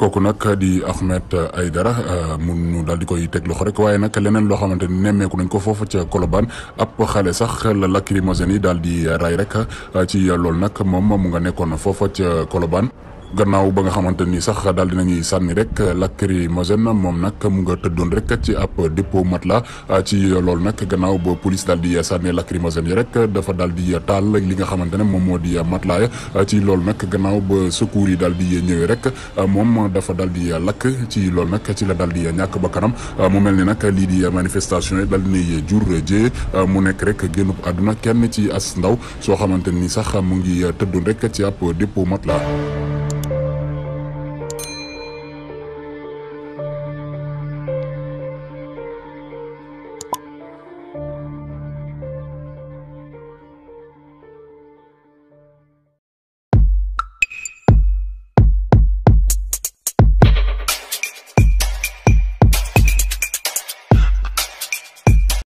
kooku nag di Ahmed Aidara euh, mu ñu daal di koy teg loxo rek waaye nag leneen loo xamante ni nemmeeku nañ ko foofu ca Colobane ab xale sax la lacrymogène yi daal di ray rek euh, ci loolu nag moom mu nga nekkoon foofa ca Colobane gannaaw ba nga xamante nii sax dal daal dinañuy sànni rek lacrymogène moom nag mu nga tëddoon rek ci ab dépôt matelas ah, ci lool nag gannaaw ba police daal di sànni lacrymogène yi rek dafa daal di taal li nga xamante ne moom moo di matelas ya ah, ci loolu nag gannaaw ba secours yi daal di ñëwee rek ah, moom dafa dal di lakk ci loolu nag ci la daal di ñàkk ba kanam mu mel ni nag lii di manifestation yi daal dinay jur jee mu nekk rek génnub àdduna kenn ci as ndaw soo xamante ni sax mu ngi tëddoon rek ci ab dépôt matelas